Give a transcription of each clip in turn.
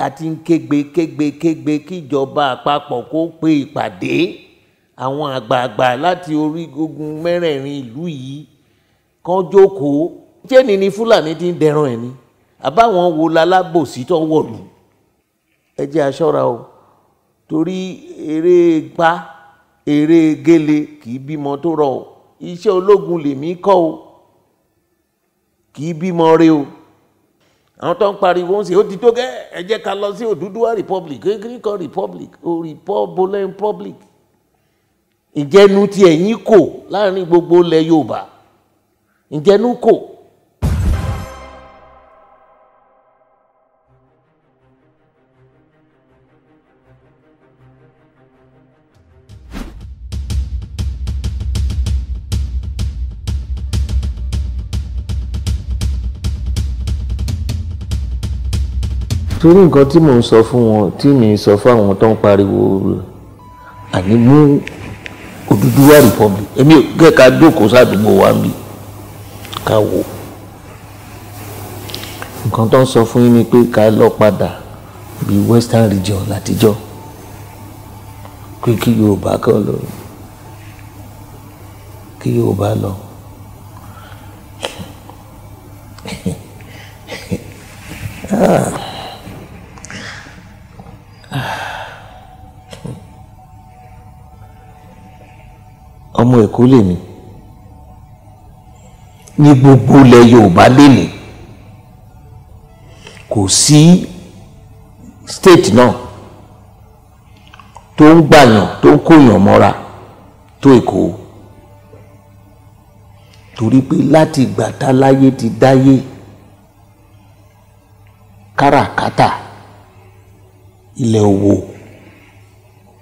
a ti ń kégbe kégbe kégbe kíjọba àpapọ̀ kó pe ìpàdé àwọn àgbààgbà láti orí ogun mẹ́rẹ̀ẹ̀rin ìlú yìí kan jókòó jẹ́ni ni fúlàní ti ń dẹran ẹ̀ ni àbáwọn wo lalábòsí tó ń wọ̀lú ẹ jẹ́ a ṣọ́ra o torí eré pa eré gele kì í bímọ tó rọ o iṣẹ́ ológun lèmi kọ́ o kì í bímọ rẹ o àwọn tó ń pariwo ń ṣe ó ti tó gẹ́ ẹ jẹ́ ká lọ sí Odùduwà republic kékeré kan republic o republic republic ìjẹnu ti ẹ̀yìn kò láàrin gbogbo ilẹ̀ Yorùbá ìjẹnu kò torí nǹkan tí mò ń sọ fún wọn tí mi sọ fún àwọn tó ń pariwo àní mú Odùduwà republic èmi kẹ́ ká jókòó sádùúgbò wa bí ká wò nǹkan tó ń sọ fún yín ni pé ká lọ padà bí western region látijọ́ pé kí Yorùbá kan lọ kí Yorùbá lọ. ah. ọmọ Èkó lèmi ní gbogbo ilẹ̀ Yorùbá lèmi kò sí state náà tó ń gbàyàn tó ń kóyàn mọ́ra tó Èkó torí pé láti ìgbà táláyé ti dáyé káràkátà ilẹ̀ òwò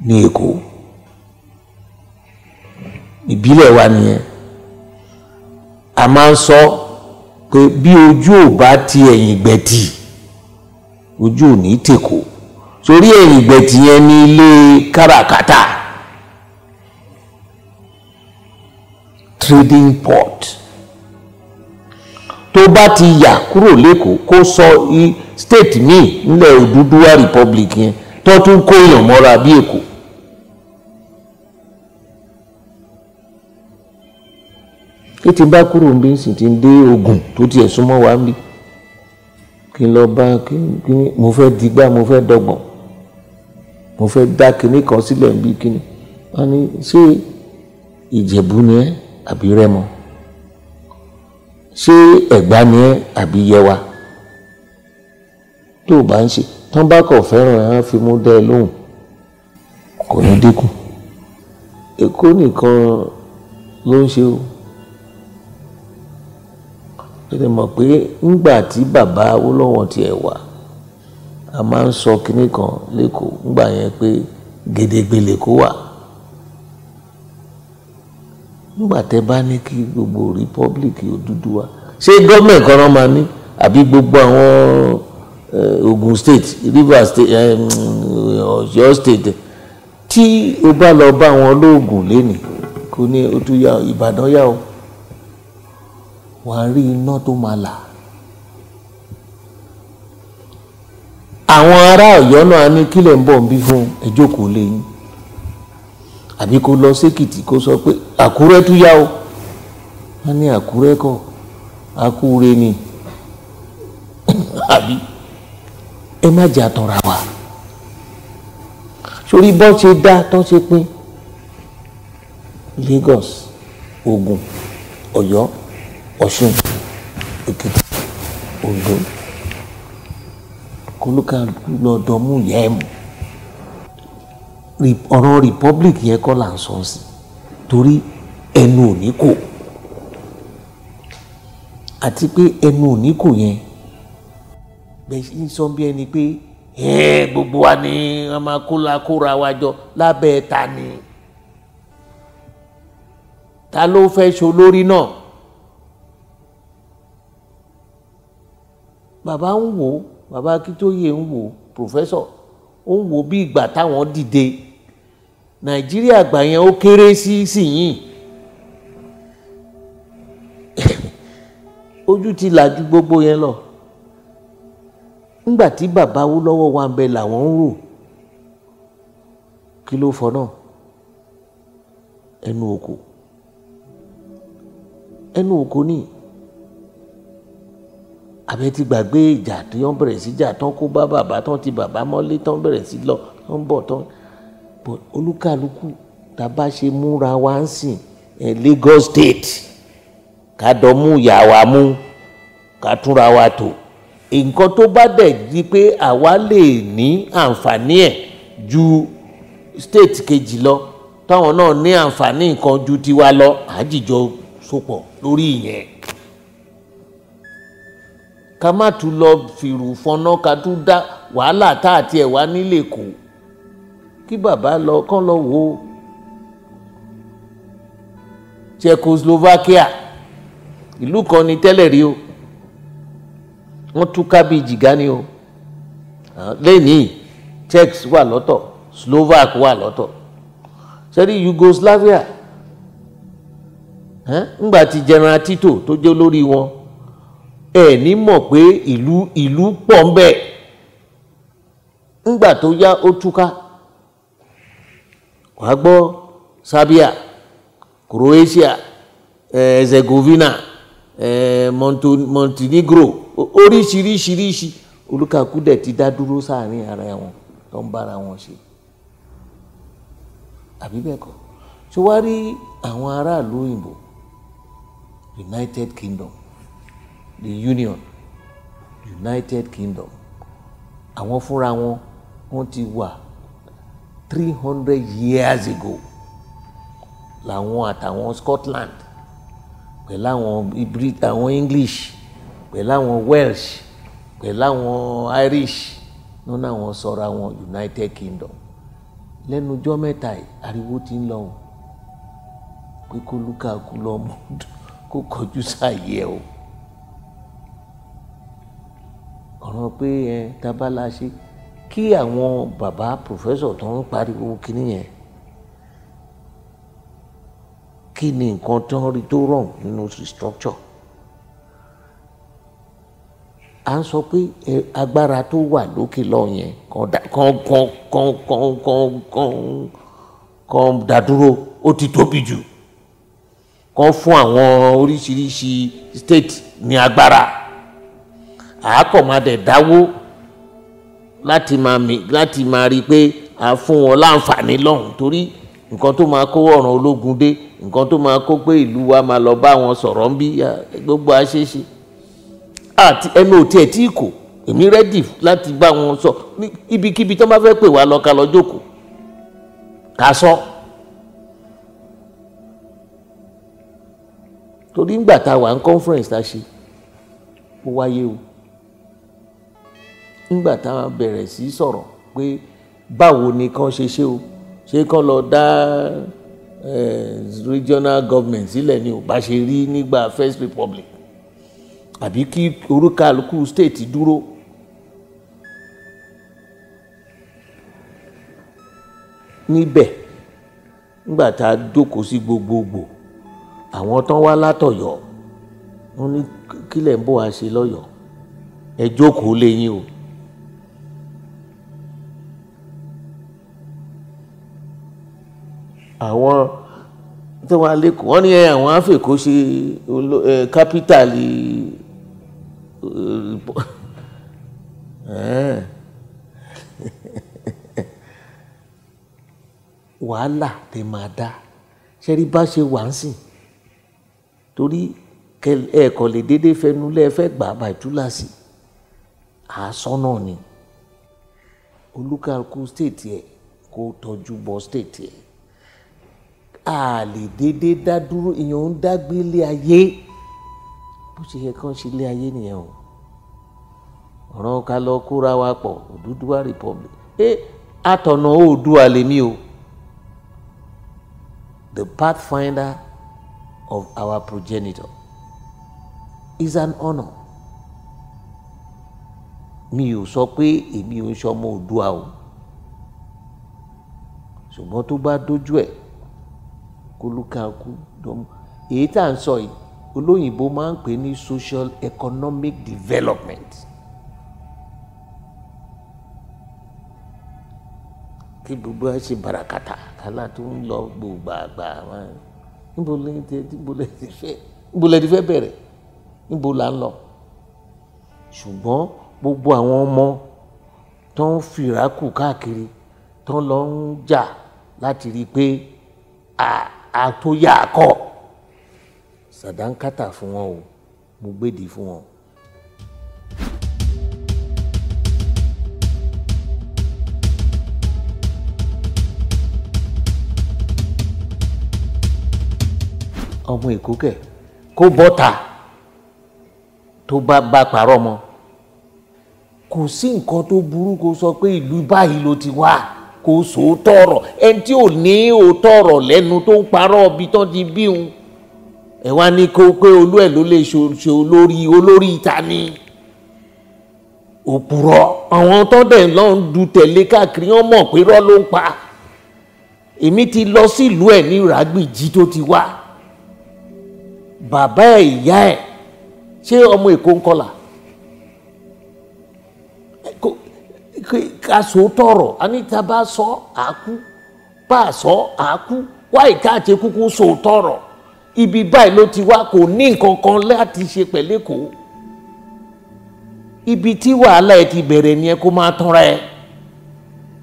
ní Èkó ìbílẹ̀ wa nìyẹn a máa ń sọ pé bí ojú ò bá ti ẹ̀yìn gbẹ̀tì ojú ò ní tèkó torí ẹ̀yìn gbẹ̀tì yẹn ní ilé káràkátà trading port tó bá ti yà kúrò lẹ́kọ̀ọ́ kó sọ state míì nílẹ̀ Odùduwà republic yẹn tó tún kó èèyàn mọ́ra bí Èkó pé tí bá kúrò ń bí sì ti ń dé ogun tó tiẹ̀ súnmọ́ wa ń bí kí n lọ bá kí ni mo fẹ́ digbá mo fẹ́ dọgbọ̀n mo fẹ́ dá kinní kan sílẹ̀ ń bí kíni wọ́n ní ṣé ìjẹ̀bú ni ẹ́ àbí rẹ́mọ ṣé ẹ̀gbá ni ẹ́ àbí yẹwa tó o bá ń ṣe tán bá kọ̀ fẹ́ràn ẹ̀ á fi mú dẹ́ ẹ lóhùn kò ní dínkù èkó nìkan ló ń ṣe o tètè mọ̀ pé ńgbà tí bàbá Awólọ́wọ̀ tiẹ̀ wà a máa ń sọ kinní kan lẹ́kọ̀ọ́ ńgbà yẹn pé gèdègbè lẹ́kọ̀ọ́ wà ńgbà tẹ bá ní kí gbogbo rìpọ́blìkì Odùduwà ṣé gọ́ọ̀mẹ̀ntì kan náà máa ní àbí gbogbo àwọn Ògùn state Rivers state mm, Ọ̀yọ́ state tí o bá lọ bá àwọn olóògùn lẹ́nìí kò ní o tún yá Ìbàdàn yá o wàá rí iná tó máa là. àwọn ará Ọ̀yọ́ náà ní kílẹ̀ ń bọ̀ ń bí fún ẹjọ́kọ̀ lẹ́yìn àbí kó lọ sékìtì kó sọ pé Àkúrẹ́ tún yá o wọ́n ní Àkúrẹ́ kọ́ Àkúrẹ́ ni àbí ẹ má jà tọ̀ra wa sórí bọ́ ṣe dá tọ́ ṣe pín Lagos Ògùn Ọ̀yọ́ ọ̀ṣun èkìtì ondo kólúkàlù lọ́dọ̀ mú yẹ ẹ̀ mú ọ̀rọ̀ republic yẹn kọ́ là ń sọ sí torí ẹnu òní kò àti pé ẹnu òní kò yẹn bẹ́ẹ̀ ń sọ bí ẹni pé gbogbo wa ni wọ́n máa kó la kóra wa jọ lábẹ́ ta ni ta ló fẹ́ ṣolórí náà. bàbá ń wò bàbá Akíntóyè ń wò ó ó ń wò bí ìgbà táwọn dìde Nàìjíríà gbà yẹn ó kéré sí sìyìn ojú ti là ju gbogbo yẹn lọ ńgbà tí bàbá wó lọ́wọ́ wa ń bẹ làwọn ń rò kí ló fọ náà ẹnu òkò ẹnu òkò nìyí. àbẹ ti gbàgbé ìjà tí wọ́n bẹ̀rẹ̀ sí jà tán kó bá bàbá tán ti bàbá mọ́lé tán bẹ̀rẹ̀ sí lọ tán bọ̀ tán olúkàlùkù tá a bá ṣe múra wá ń sìn ẹ Lagos State ká dọ̀ mú ìyá wa mú ká túnra wa tò nǹkan tó bá dẹ̀ di pé àwa lè ní àǹfààní ẹ̀ ju state kejì lọ táwọn náà ní àǹfààní nǹkan ju tiwa lọ àjíjọ sopọ̀ lórí ìyẹn ká má tún lọ fìrù fọnà ká tún dá wàhálà tá àti ẹ̀ wá nílé kó kí bàbá lọ kán lọ wò ó Czechoslovakia ìlú kan ni tẹ́lẹ̀ rí o wọ́n tú kábíyèjì gani o ah, lẹ́nìí Czechs wà lọ́tọ̀ Slovak wà lọ́tọ̀ sẹ́rí Yugoslavia ńgbà tí General Tito tó jẹ́ olórí wọn ẹ ní mọ̀ pé ìlú ìlú pọ̀ ń bẹ̀ ńgbà tó yá ó túká wàá gbọ́ Serbia Croatia Herzegovina Montenegro oríṣiríṣiríṣi olúkàkú dẹ̀ ti dá dúró sáàrin ara wọn tó ń bára wọn ṣe àbí bẹ́ẹ̀ kọ́ ṣé wàá rí àwọn aráàlú òyìnbó United Kingdom the union united kingdom àwọn fúnra wọn wọ́n ti wà three hundred years ago làwọn àtàwọn Scotland pẹ̀lú àwọn Brit àwọn English pẹ̀lú àwọn Welsh pẹ̀lú àwọn Irish nínú àwọn sọ̀rọ̀ àwọn united kingdom lẹ́nu ọjọ́ mẹ́ta yìí ariwo ti ń lọ o pé kó Lukaku lọ́mọ kó kọjú sáàyè o. ọ̀rọ̀ pé ẹ tabala ṣe kí àwọn bàbá pòfẹ́sọ̀ tó ń pariwo kíní yẹn kí ni nǹkan tó ń rí tó rọ̀ nínú structure à ń sọ pé agbára tó wà lókè lọ yẹn kàn kàn kàn kàn kàn kàn kàn dàdúró ó ti tóbi jù kàn fún àwọn oríṣiríṣi state ní agbára àákọ̀ máa dẹ̀ dáwó láti máa mi láti máa rí i pé a fún wọn láǹfààní lọ́hùn torí nǹkan tó máa kó ọ̀ràn ológun dé nǹkan tó máa kó pé ìlú wa máa lọ bá wọn sọ̀rọ̀ ń bí gbogbo àṣeṣe àti ẹnu ò tiẹ̀ tí kò èmi rẹ́dì láti bá wọn sọ ibikíbi tó bá fẹ́ pè wá lọ ká lọ ká sọ. torí ńgbà tá a wà ní conference tá a ṣe ó wáyé o nígbà tá a bẹ̀rẹ̀ sí sọ̀rọ̀ pé báwo ni kán ṣe ṣe o ṣé kán lọ dá regional government sílẹ̀ ni ò bá ṣe rí nígbà First Republic àbí kí orúkálukú state dúró. níbẹ̀ nígbà tá a jókòó sí gbogbogbò àwọn tán wá látọ̀yọ́ wọn ní kílẹ̀ ń bọ̀ wá ṣe lọ́yọ̀ọ́ ẹ jókòó lẹ́yìn o. àwọn tó wà lẹ́kọ̀ọ́ wọ́n ní àwọn afẹ́kọ́ ṣe kápítàlì wàhálà tẹ máa dá ṣẹ́rí bá ṣe wà ń sìn torí ẹ̀kọ́ lè déédéé fẹnu lẹ́ẹ̀fẹ́ gbà bàì túláàsì àásọ́nà ni olúkàlùkù stéètì ẹ̀ kó tọ́jú bọ́ stéètì ẹ̀ a lè déédéé dá dúró èèyàn ń dágbé ilé ayé bó ṣe yẹ kán ṣe ilé ayé nìyẹn o ọ̀ràn ká lọ kóra wa pọ̀ Odùduwà republic ẹ àtọ̀nà Oòduà lèmi o the pathfinder of our progenitor is an honour mi ò sọ pé èmi ò ń sọmọ Oòduà o ṣùgbọ́n tó bá dójú ẹ̀ kólúkàkú dọ́mú èyí tá à ń sọ yìí olóyìnbó máa ń pè ní social economic development kí gbogbo ẹ ṣe bàràkàtà kálá tó ń lọ gbòògbàgbà wọn níbo lẹ́yìn tẹ níbo lẹ́yìn tẹ fẹ́ níbo lẹ́yìn tẹ fẹ́ bẹ̀rẹ̀ níbo là ń lọ ṣùgbọ́n gbogbo àwọn ọmọ tó ń fìràkù káàkiri tó ń lọ ń jà láti rí i pé a. Ah, àtòyà akọ sàdánkátà fún wọn o mo gbèdì fún wọn. ọmọ èkó kẹ kó bọ́ta tó bá bá parọ́ mọ́ kò sí nǹkan tó burú kó sọ pé ìlú báyìí ló ti wá kò sòótọ́ ọ̀rọ̀ ẹni tí ò ní òótọ́ ọ̀rọ̀ lẹ́nu tó ń parọ́ ibi tán ti bí òun ẹ̀ wá ní kó pé olú ẹ̀ ló lè ṣe olórí olórí ìta ni òpùrọ̀ àwọn tó dẹ̀ lọ ń du tẹ̀lé káàkiri wọn mọ̀ pé rọ́ ló ń pa èmi ti lọ sílùú ẹ̀ ní ràgbìjì tó ti wá bàbá ẹ̀ ìyá ẹ̀ ṣé ọmọ Èkó ń kọlà ká so tọrọ àní tá a bá sọ àákú bá a sọ àákú wáyé káàtì kúkú so tọrọ ibi báyìí ló ti wá kò ní nǹkan kan láti ṣe pẹ̀lẹ́kọ̀ọ́ ibi tí wàhálà ẹ ti bẹ̀rẹ̀ nìyẹn kó máa tanra ẹ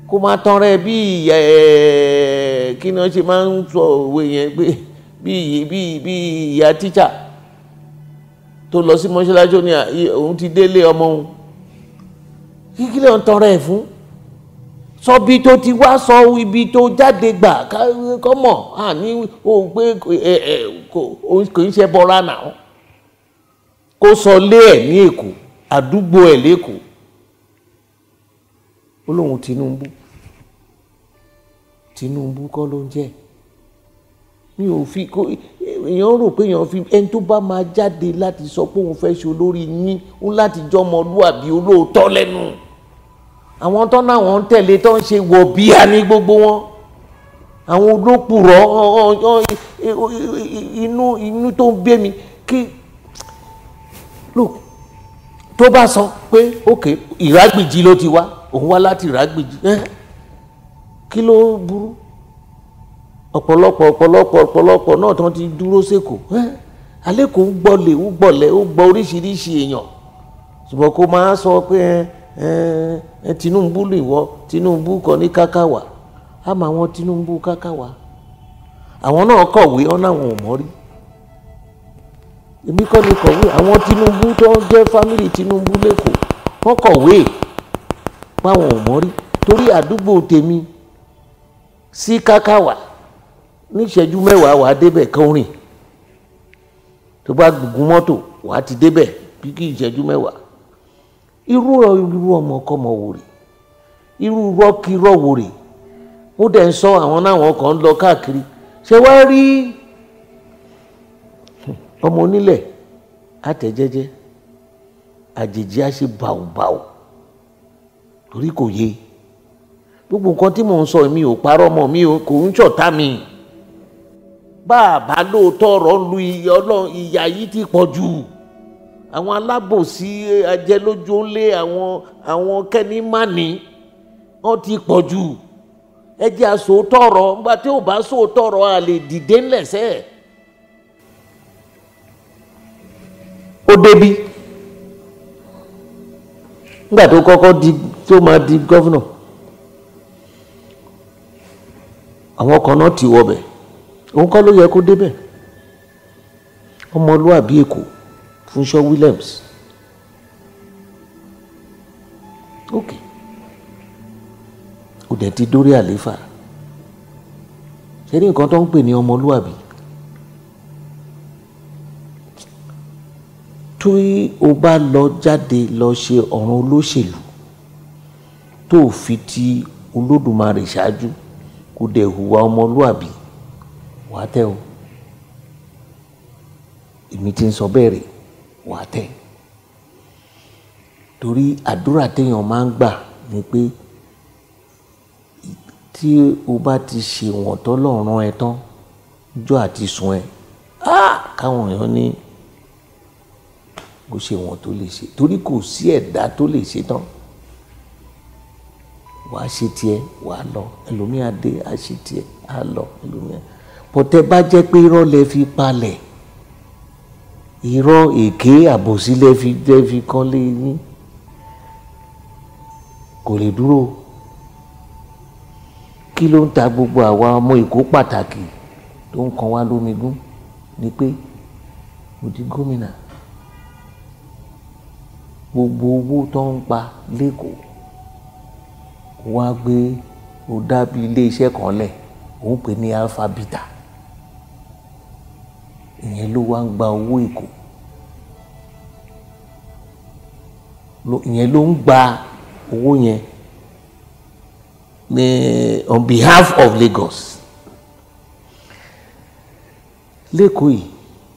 kó máa tanra ẹ bí ẹ kí ni wọ́n ṣe máa ń sọ òwe yẹn pé bí bí bí ìyá tíṣà tó lọ sí mọ́ṣáláṣí ó ní òun ti délé ọmọ òun kíkí lè ń tọrọ ẹ̀ fún sọ ibi tó ti wá sọ ibi tó jáde gbà kọ́mọ̀ àní o pé kò ń ṣe bọ́ra náà kó sọ lé ẹ̀ ní èkó àdúgbò ẹ̀ lẹ́kọ̀ọ́ ó lóun Tinubu Tinubu kọ́ ló ń jẹ́ mi ò fi kó èèyàn rò pé èèyàn fi ẹni tó bá máa jáde láti sọ pé òun fẹ́ ṣe olórí yín ó láti jọmọlúàbí olóòótọ́ lẹ́nu àwọn tó náà wọ́n ń tẹ̀lé tó ń ṣe wọ̀bíà ní gbogbo wọn àwọn olókùrọ̀ inú inú tó ń gbé mi kí look tó bá sọ pé ok ìrágbìjì ló ti wá òun wá láti ìrágbìjì kí ló burú ọ̀pọ̀lọpọ̀ ọ̀pọ̀lọpọ̀ ọ̀pọ̀lọpọ̀ náà tó ti dúró sẹ́kọ̀ọ́ alẹ́ kò ń gbọ́lẹ̀ ń gbọ́lẹ̀ ó gbọ́ oríṣiríṣi èèyàn ṣùgbọ́n kó máa sọ pé ẹ ẹ Tinubu lè wọ Tinubu kọ ní kákàwá àmọ́ àwọn Tinubu kákàwá àwọn náà kọ̀wé ọ̀nà àwọn ò mọ̀ rí èmi kọ́ ni kọ̀wé àwọn Tinubu tó ń jẹ́ fámìlì Tinubu lẹ́kọ̀ọ́ wọ́n kọ̀wé páwọn ò mọ̀ rí torí àdúgbò tèmi sí kákàwá níṣẹ́jú mẹ́wàá wàá débẹ̀ kan tó bá gùn mọ́tò wàá ti débẹ̀ bí kí ìṣẹ́jú mẹ́wàá irú irú ọmọkọmọ wò rè irú rọkirọ wò rè mo dẹ̀ ń sọ àwọn náwọn kan ń lọ káàkiri ṣé wàá rí ọmọ onílẹ̀ àtẹ̀jẹ́jẹ́ àjèjì á ṣe bàùbàù torí kò yé gbogbo nǹkan tí mò ń sọ mi ò parọ́ mọ́ mi kò ń ṣọ̀tá mi bá a bá lóòótọ́ ọ̀rọ̀ lu ìyá yìí ti pọ̀ jù àwọn alábòsí ajẹlójú ńlé àwọn àwọn kẹ́nìmánì wọ́n ti pọ̀ jù ẹ jẹ́ àsòótọ́ nígbà tí ò bá sòótọ́ ọ̀rọ̀ a lè dìde ńlẹ̀sẹ̀. ó débi nígbà tó kọ́kọ́ di tó máa di gọ́vnà àwọn kan náà ti wọbẹ̀ òun kọ́ ló yẹ kó débẹ̀ ọmọlúwàbí èkó Funsho Williams. ok O dẹ̀ ti dórí àlééfà ṣe ní nǹkan tó ń pè ní ọmọlúwàbí tí o bá lọ jáde lọ ṣe ọ̀ràn olóṣèlú tó o fi ti olódùmarè ṣáájú kò dẹ̀ hùwà ọmọlúwàbí wàá tẹ́ o èmi ti ń sọ bẹ́ẹ̀ rèé wà tẹ̀ torí àdúrà téèyàn máa ń gbà ni pé tí o bá ti ṣèwọ̀n tọ́lọ́run ẹ tán jọ́ àti sùn ẹ káwọn èèyàn ní kó ṣèwọ̀n tó lè ṣe torí kò sí ẹ̀dá tó lè ṣe tán wà á ṣe tiẹ̀ wà á lọ ẹlòmíà dé á ṣe tiẹ̀ á lọ ẹlòmíà pọ̀tẹ́ bá jẹ́ pé irọ́ lẹ fi palẹ̀ irọ́ èké àbòsí lẹ́fi lẹ́fi kán lé yín kò lè dúró kí ló ń ta gbogbo àwa ọmọ èkó pàtàkì tó ń kan wá lómigún ni pé mo di gómìnà gbogbo owó tó ń pa lẹ́kọ̀ọ́ wá gbé ó dábì iléeṣẹ́ kan lẹ̀ ó pè ní alpha ìyẹn ló wá ń gba owó èkó ìyẹn ló ń gba owó yẹn ní on behalf of Lagos lẹ́kọ̀ọ́ yìí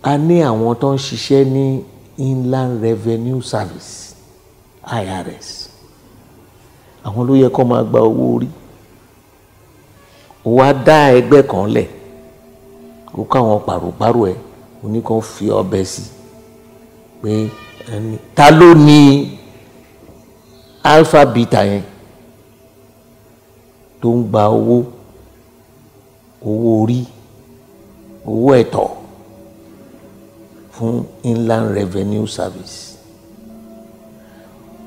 a ní àwọn tó ń ṣiṣẹ́ ní Inland Revenue Service IRS àwọn ló yẹ kó máa gba owó orí wàá dá ẹgbẹ́ kan lẹ̀ kó káwọn pàrọ̀pàrọ̀ ẹ̀ oníkan fi ọbẹ̀ sí pé ẹni ta ló ní alpha beta yẹn tó ń gba owó owó orí owó ẹ̀tọ́ fún inland revenue service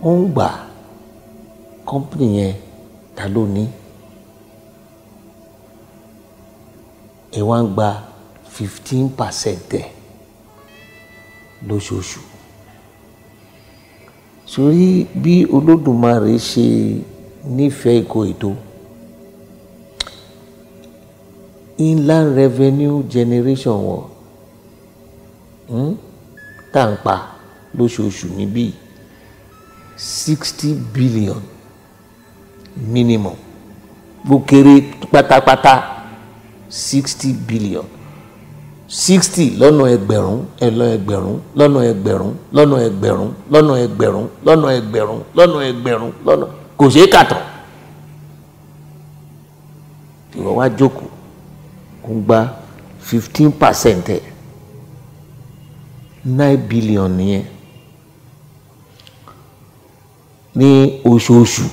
ó ń gbà kọ́mpìnì yẹn ta ló ní ẹ wá ń gba fifteen percent ẹ̀ lóṣooṣù sórí bí olódùmarè ṣe nífẹ̀ẹ́ Ìkòyí tó inland revenue generation wọn hmm, tá n pa lóṣooṣù níbí sixty billion minimum bó kéré pátápátá sixty billion sixty lọ́nà ẹgbẹ̀rún ẹ̀lọ́ ẹgbẹ̀rún lọ́nà ẹgbẹ̀rún lọ́nà ẹgbẹ̀rún lọ́nà ẹgbẹ̀rún lọ́nà ẹgbẹ̀rún lọ́nà ẹgbẹ̀rún lọ́nà kò ṣeé kàtọ́. ìwọ wá jókòó kó ń gba fifteen percent ẹ̀ nine billion nìyẹn ní oṣooṣù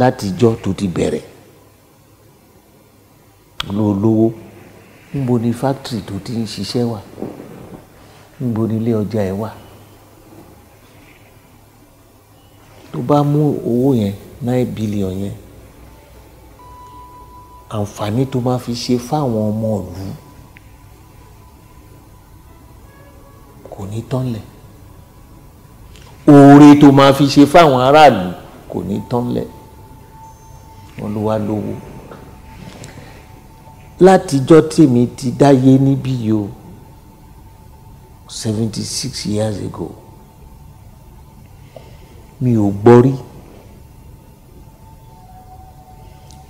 látijọ́ tó ti bẹ̀rẹ̀ olówó níbo ni fáktìrì tó ti ń ṣiṣẹ́ wà níbo ni ilé ọjà ẹ̀ wà tó bá mú owó yẹn nine billion yẹn àǹfààní tó máa fi ṣe fáwọn ọmọ ìlú kò ní tán lẹ̀ oore tó máa fi ṣe fáwọn aráàlú kò ní tán lẹ̀ wọ́n ló wá lówó látijọ́ tèmi ti dáyé níbí yìí o seventy six years ago mi ò gbọ́ rí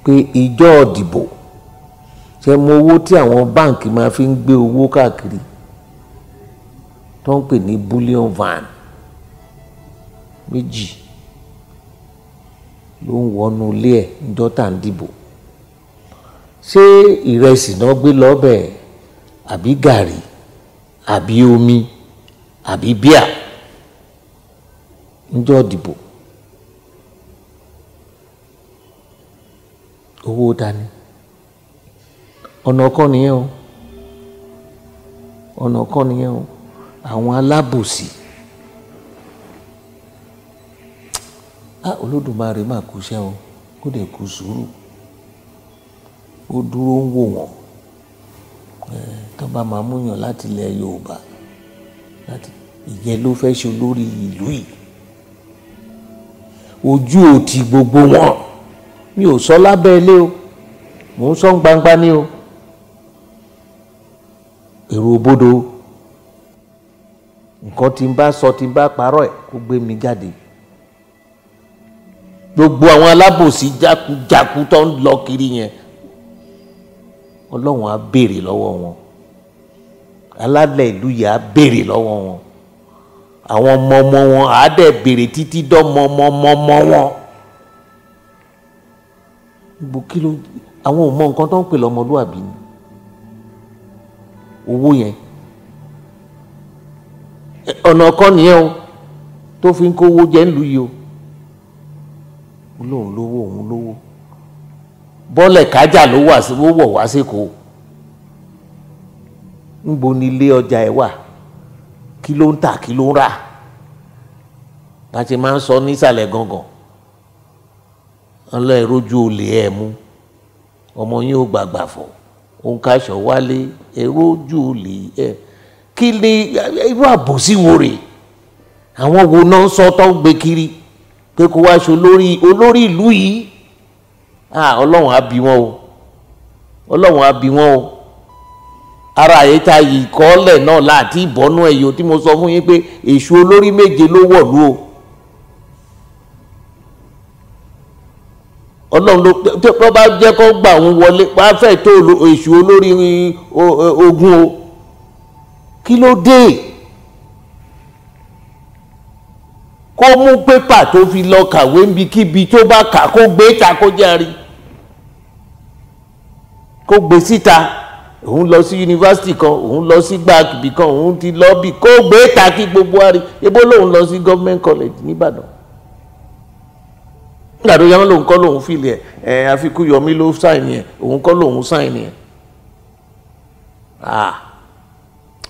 pé ìjọ ìdìbò ṣe mọ owó tí àwọn báǹkì máa fi ń gbé owó káàkiri tó ń pè ní bullion van méjì ló ń wọnú ilé ẹ̀ ń dọ́tà ń dìbò ṣé ìrẹsì náà gbé lọ́bẹ̀ àbí gàrí àbí omi àbí bíà níjọ́ dìbò owó dání ọ̀nà kan nìyẹn o ọ̀nà kan nìyẹn o àwọn alábòsí ah olódùmarè máa kú iṣẹ́ o kó dẹ̀ kú sùúrù ó dúró ń wò wọ́n tán bá máa múyàn láti ilẹ̀ Yorùbá láti ìyẹn ló fẹ́ ṣe olórí ìlú yìí ojú ò ti gbogbo wọn mi ò sọ lábẹ́ ilé o mò ń sọ gbangba ni o èrò bodò nǹkan tí n bá sọ tí n bá parọ́ ẹ̀ kó gbé mi jáde gbogbo àwọn alábòsí jákujáku tó ń lọ kiri yẹn ọlọ́run á béèrè lọ́wọ́ wọn alálẹ̀ ìlú yìí á béèrè lọ́wọ́ wọn àwọn ọmọọmọ wọn á dẹ̀ béèrè títí dọ́mọọmọọmọ wọn gbogbo kí ló àwọn ò mọ nǹkan tó ń pè lọ́mọlúwàbí ni owó yẹn ọ̀nà kan nìyẹn o tó fi ń kówó jẹ́ ń lu yìí o olóhùn lówó òun lówó bọ́lẹ̀ kájà ló wà sí ó wọ̀ wá sékòó ńbo ni ilé ọjà ẹ̀ wà kí ló ń tà kí ló ń rà bá a ti máa ń sọ nísàlẹ̀ gangan ọlọ́ọ̀ẹ́rọ́jú olè ẹ̀ mú ọmọ yín ò gbàgbà fọ̀ òǹkàṣọ wálé ẹ̀rọ́jú olè ẹ̀ kí ni irú àbòsí wo rè àwọn wo náà ń sọ tó ń gbé kiri pé kó wá ṣe olórí ìlú yìí. Ah, ọlọ́run á bí wọn o ọlọ́run á bí wọn o ara àyètá yìí kọ́lẹ̀ náà láti ìbọ́nú ẹ̀yọ́ tí mo sọ fún yín pé èṣù olórí méje ló wọ̀lú o ọlọ́run ló pé tó bá jẹ́ kó gbà òun wọlé wá fẹ́ tó èṣù olórí ogun o kí ló dé. kó mú pépà tó fi lọ kàwé níbikíbi tó bá kà kó gbé ta kó jẹ́rìí kó gbé síta òun lọ sí yunifásitì kan òun lọ sí gbàgbì kan òun ti lọ bí kó gbé ta kí gbogbo àrí ebó lòun lọ sí government college nìbàdàn nígbà tó yẹn lòun kọ́ lòun fìlẹ̀ ẹ̀ àfikún yọmí ló sáìn yẹn òun kọ́ lòun sáìn yẹn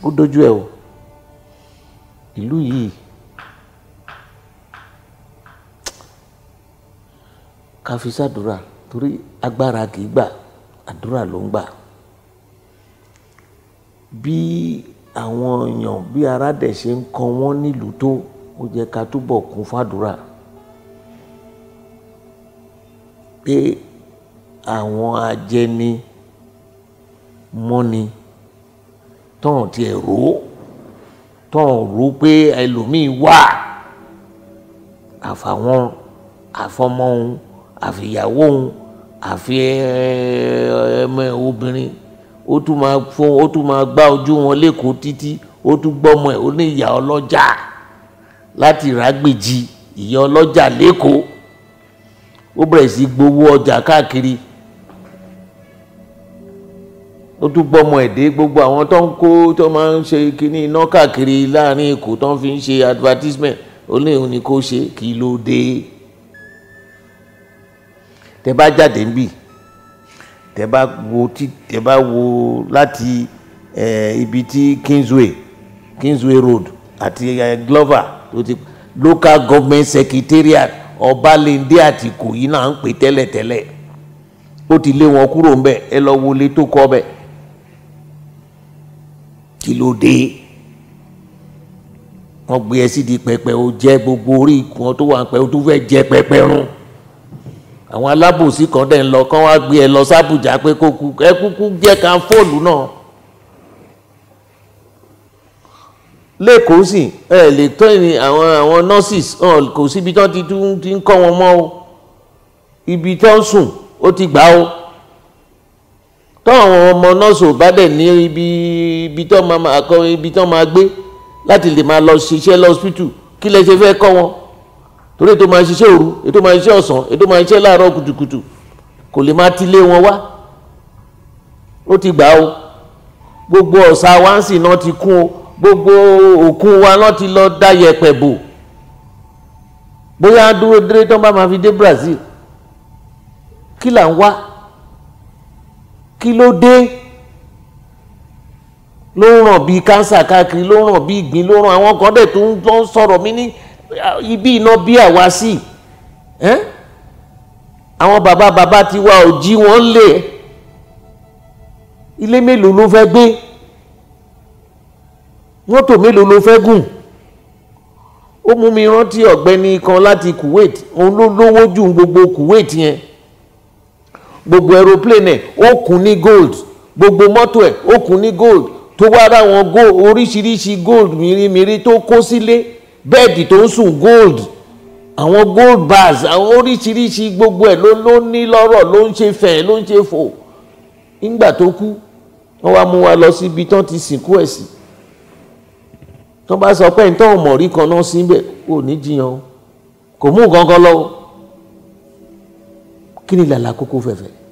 ó dojú ẹ o ìlú yìí ká fi sàdúrà torí agbára kì í gbà àdúrà ló ń gbà bí àwọn èèyàn bí aládẹ̀ ṣe ń kọ wọ́n nílùú tó ó jẹ́ ká túbọ̀ kún fàdúrà pé àwọn ajẹni mọ́ni tọ̀hún tiẹ̀ rò ó tọ̀hún rò ó pé ẹlòmíín wà àfàwọn àfọmọ́ àfi ìyàwó òun àfi ẹmọ obìnrin ó tún máa fún ó tún máa gbá ojú wọn lẹ́kọ̀ọ́ títí ó tún gbọ́mọ ẹ̀ ó ní ìyá ọlọ́jà láti ràgbèjì ìyá ọlọ́jà lẹ́kọ̀ọ́ ó bẹ̀rẹ̀ sí gbowó ọjà káàkiri ó tún gbọ́mọ ẹ̀dẹ́ gbogbo àwọn tó ń kó tó máa ń ṣe kíní iná káàkiri láàrin èkó tó ń fi ń ṣe advertisement ó léwu ni kó ṣe kí ló dé tẹ bá jáde ń bì tẹ bá wo tí tẹ bá wo láti ibi tí Kingsway Kingsway Road àti Glover tó ti local government secretariat Ọbalẹ́ndé àti Ìkòyí náà ń pè tẹ́lẹ̀tẹ́lẹ̀ ó ti lé wọn kúrò ń bẹ̀ ẹ lọ wọlé tó kọ́ bẹ̀ kí ló dé wọ́n gbé ẹ sídìí pẹpẹ ó jẹ́ gbogbo orí ìkùn tó wà pẹ́ ó tún fẹ́ jẹ pẹpẹ rún àwọn alábòsí kan dẹ̀ ń lọ kán wá gbé ẹ lọ sábùjá pé kó kú ẹ kúkú jẹ́ ká fóònù náà lẹ́kọ̀ọ́ sì ẹ lè tọ́ ìní àwọn àwọn nurses kò síbi tán ti ti ń kọ́ wọn mọ́ o ibi tán ń sùn ó ti gbà o táwọn ọmọ nọ́ọ̀sì ò bá dẹ̀ ní ibi ibi tán máa kọ́ ibi tán máa gbé láti lè máa lọ ṣiṣẹ́ lọ́sítù kí lẹ ṣe fẹ́ kọ́ wọn torí ètò máa ń ṣiṣẹ́ òru ètò máa ń ṣiṣẹ́ ọ̀sán ètò máa ń ṣiṣẹ́ láàárọ̀ kùtùkùtù kò lè máa tilé wọn wá ó ti gbà o gbogbo ọ̀sà wa ń sìn náà ti kún o gbogbo òkun wa náà ti lọ dá yẹ̀pẹ̀ bò bóyá dúró déré tán bá máa fi dé Brazil kí là ń wá kí ló dé ló ń ràn bíi kánsà káàkiri ló ràn bíi ìgbín ló ràn àwọn kan dẹ̀ tó ń sọ̀rọ̀ mí ní ibi iná bí àwa sí àwọn baba baba ti wá òjì wọn lè ilé mélòó ló fẹ́ gbé mọ́tò mélòó ló fẹ́ gùn ó mú mi rántí ọ̀gbẹ́ni kan láti Kuwait òun ló lówó jù gbogbo Kuwait yẹn gbogbo aeroplane ẹ̀ ó kún ní gold gbogbo mọ́tò ẹ̀ ó kún ní gold tó wá ra wọn oríṣiríṣi gold mìíràn mìíràn tó kó sílé. Si bẹ́ẹ̀dì tó ń sùn gold àwọn gold bars àwọn oríṣiríṣi gbogbo ẹ̀ ló ló ní lọ́rọ̀ ló ń ṣe fẹ̀ ló ń ṣe fò nígbà tó kú wọ́n wá mú wa lọ síbi tán ti sìnkú ẹ̀ sí tó bá sọ pé nítorí ọmọ rí kan náà síbẹ̀ ò ní jiyàn kò mú nǹkan kan lọ́wọ́ kí ni làlà kókó fẹ̀fẹ̀